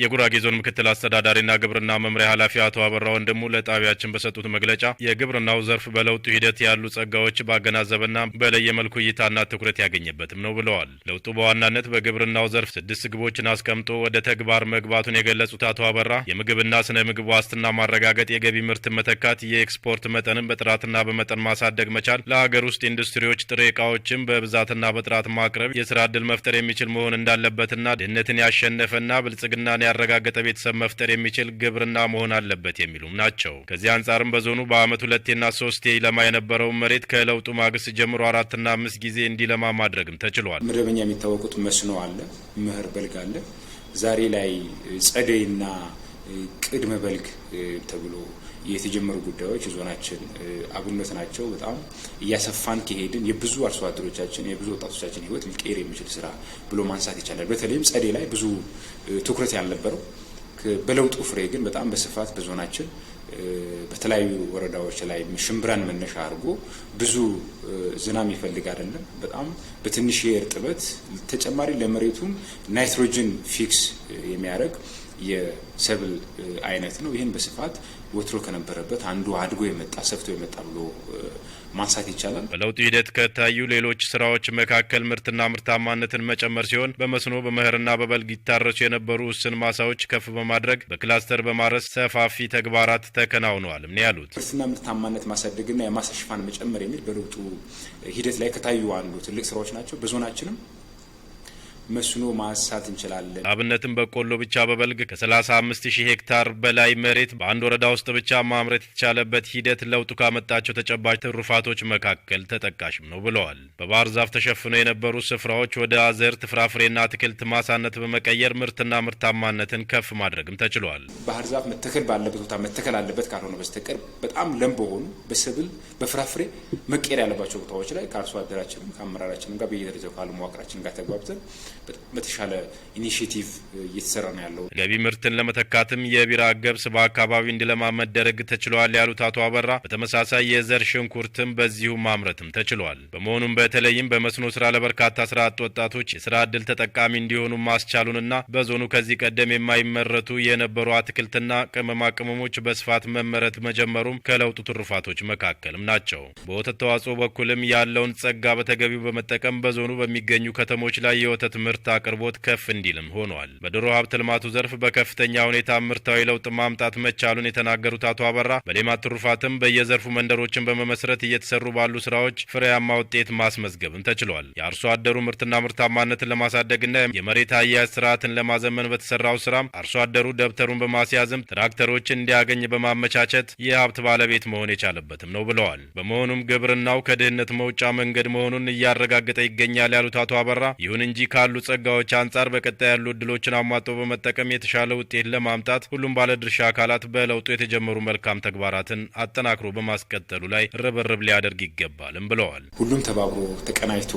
የጉራጌ ዞን ምክትል አስተዳዳሪና ግብርና መምሪያ ኃላፊ አቶ አበራ ወንድሙ ለጣቢያችን በሰጡት መግለጫ የግብርናው ዘርፍ በለውጡ ሂደት ያሉ ጸጋዎች ባገናዘበና በለየ መልኩ እይታና ትኩረት ያገኘበትም ነው ብለዋል። ለውጡ በዋናነት በግብርናው ዘርፍ ስድስት ግቦችን አስቀምጦ ወደ ተግባር መግባቱን የገለጹት አቶ አበራ የምግብና ስነ ምግብ ዋስትና ማረጋገጥ፣ የገቢ ምርት መተካት፣ የኤክስፖርት መጠንን በጥራትና በመጠን ማሳደግ መቻል፣ ለሀገር ውስጥ ኢንዱስትሪዎች ጥሬ እቃዎችን በብዛትና በጥራት ማቅረብ፣ የስራ እድል መፍጠር የሚችል መሆን እንዳለበትና ድህነትን ያሸነፈና ብልጽግና ምርትን ያረጋገጠ ቤተሰብ መፍጠር የሚችል ግብርና መሆን አለበት የሚሉም ናቸው። ከዚህ አንጻርም በዞኑ በአመት ሁለቴና ሶስቴ ይለማ የነበረውን መሬት ከለውጡ ማግስት ጀምሮ አራትና አምስት ጊዜ እንዲለማ ማድረግም ተችሏል። መደበኛ የሚታወቁት መስኖ አለ፣ ምህር በልግ አለ። ዛሬ ላይ ጸደይና ቅድመ በልግ ተብሎ የተጀመሩ ጉዳዮች የዞናችን አብነት ናቸው። በጣም እያሰፋን ከሄድን የብዙ አርሶ አደሮቻችን የብዙ ወጣቶቻችን ህይወት ሊቀየር የሚችል ስራ ብሎ ማንሳት ይቻላል። በተለይም ጸዴ ላይ ብዙ ትኩረት ያልነበረው በለውጡ ፍሬ ግን በጣም በስፋት በዞናችን በተለያዩ ወረዳዎች ላይ ሽምብራን መነሻ አድርጎ ብዙ ዝናብ ይፈልግ አይደለም። በጣም በትንሽ የእርጥበት ተጨማሪ ለመሬቱም ናይትሮጅን ፊክስ የሚያደርግ የሰብል አይነት ነው። ይህን በስፋት ወትሮ ከነበረበት አንዱ አድጎ የመጣ ሰፍቶ የመጣ ብሎ ማንሳት ይቻላል። በለውጡ ሂደት ከታዩ ሌሎች ስራዎች መካከል ምርትና ምርታማነትን መጨመር ሲሆን በመስኖ በመኸርና በበልግ ይታረሱ የነበሩ ውስን ማሳዎች ከፍ በማድረግ በክላስተር በማረስ ሰፋፊ ተግባራት ተከናውነዋል። ምን ያሉት ምርትና ምርታማነት ማሳደግና የማሳ ሽፋን መጨመር የሚል በለውጡ ሂደት ላይ ከታዩ አንዱ ትልቅ ስራዎች ናቸው። በዞናችንም መስኖ ማንሳት እንችላለን። አብነትም በቆሎ ብቻ በበልግ ከ35 ሺህ ሄክታር በላይ መሬት በአንድ ወረዳ ውስጥ ብቻ ማምረት የተቻለበት ሂደት ለውጡ ካመጣቸው ተጨባጭ ትሩፋቶች መካከል ተጠቃሽም ነው ብለዋል። በባህር ዛፍ ተሸፍነው የነበሩ ስፍራዎች ወደ አዘርት ፍራፍሬና አትክልት ማሳነት በመቀየር ምርትና ምርታማነትን ከፍ ማድረግም ተችሏል። ባህር ዛፍ መተከል ባለበት ቦታ መተከል አለበት ካልሆነ በስተቀር በጣም ለም በሆኑ በሰብል በፍራፍሬ መቀየር ያለባቸው ቦታዎች ላይ ከአርሶ አደራችንም ከአመራራችንም ጋር በየደረጃው ካሉ መዋቅራችን ጋር ተግባብተን በተሻለ ኢኒሽቲቭ እየተሰራ ነው ያለው። ገቢ ምርትን ለመተካትም የቢራ ገብስ በአካባቢ እንዲለማ መደረግ ተችሏል ያሉት አቶ አበራ በተመሳሳይ የዘር ሽንኩርትም በዚሁ ማምረትም ተችሏል። በመሆኑም በተለይም በመስኖ ስራ ለበርካታ ስራ አጥ ወጣቶች የስራ እድል ተጠቃሚ እንዲሆኑ ማስቻሉንና በዞኑ ከዚህ ቀደም የማይመረቱ የነበሩ አትክልትና ቅመማ ቅመሞች በስፋት መመረት መጀመሩም ከለውጡ ትሩፋቶች መካከልም ናቸው። በወተት ተዋጽኦ በኩልም ያለውን ጸጋ በተገቢው በመጠቀም በዞኑ በሚገኙ ከተሞች ላይ የወተት ምር የምርት አቅርቦት ከፍ እንዲልም ሆኗል። በዶሮ ሀብት ልማቱ ዘርፍ በከፍተኛ ሁኔታ ምርታዊ ለውጥ ማምጣት መቻሉን የተናገሩት አቶ አበራ በሌማት ትሩፋትም በየዘርፉ መንደሮችን በመመስረት እየተሰሩ ባሉ ስራዎች ፍሬያማ ውጤት ማስመዝገብም ተችሏል። የአርሶ አደሩ ምርትና ምርታማነትን ለማሳደግና የመሬት አያያዝ ስርዓትን ለማዘመን በተሰራው ስራም አርሶ አደሩ ደብተሩን በማስያዝም ትራክተሮችን እንዲያገኝ በማመቻቸት የሀብት ባለቤት መሆን የቻለበትም ነው ብለዋል። በመሆኑም ግብርናው ከድህነት መውጫ መንገድ መሆኑን እያረጋገጠ ይገኛል ያሉት አቶ አበራ፣ ይሁን እንጂ ካሉ ጸጋዎች አንጻር በቀጣይ ያሉ እድሎችን አሟጦ በመጠቀም የተሻለ ውጤት ለማምጣት ሁሉም ባለድርሻ አካላት በለውጡ የተጀመሩ መልካም ተግባራትን አጠናክሮ በማስቀጠሉ ላይ ርብርብ ሊያደርግ ይገባልም ብለዋል። ሁሉም ተባብሮ ተቀናጅቶ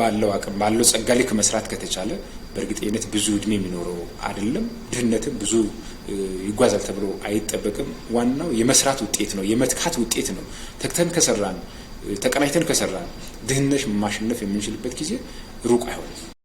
ባለው አቅም ባለው ጸጋ ልክ መስራት ከተቻለ በእርግጠኝነት ብዙ እድሜ የሚኖረው አይደለም። ድህነትም ብዙ ይጓዛል ተብሎ አይጠበቅም። ዋናው የመስራት ውጤት ነው፣ የመትካት ውጤት ነው። ተክተን ከሰራን ተቀናጅተን ከሰራን ድህነት ማሸነፍ የምንችልበት ጊዜ ሩቅ አይሆንም።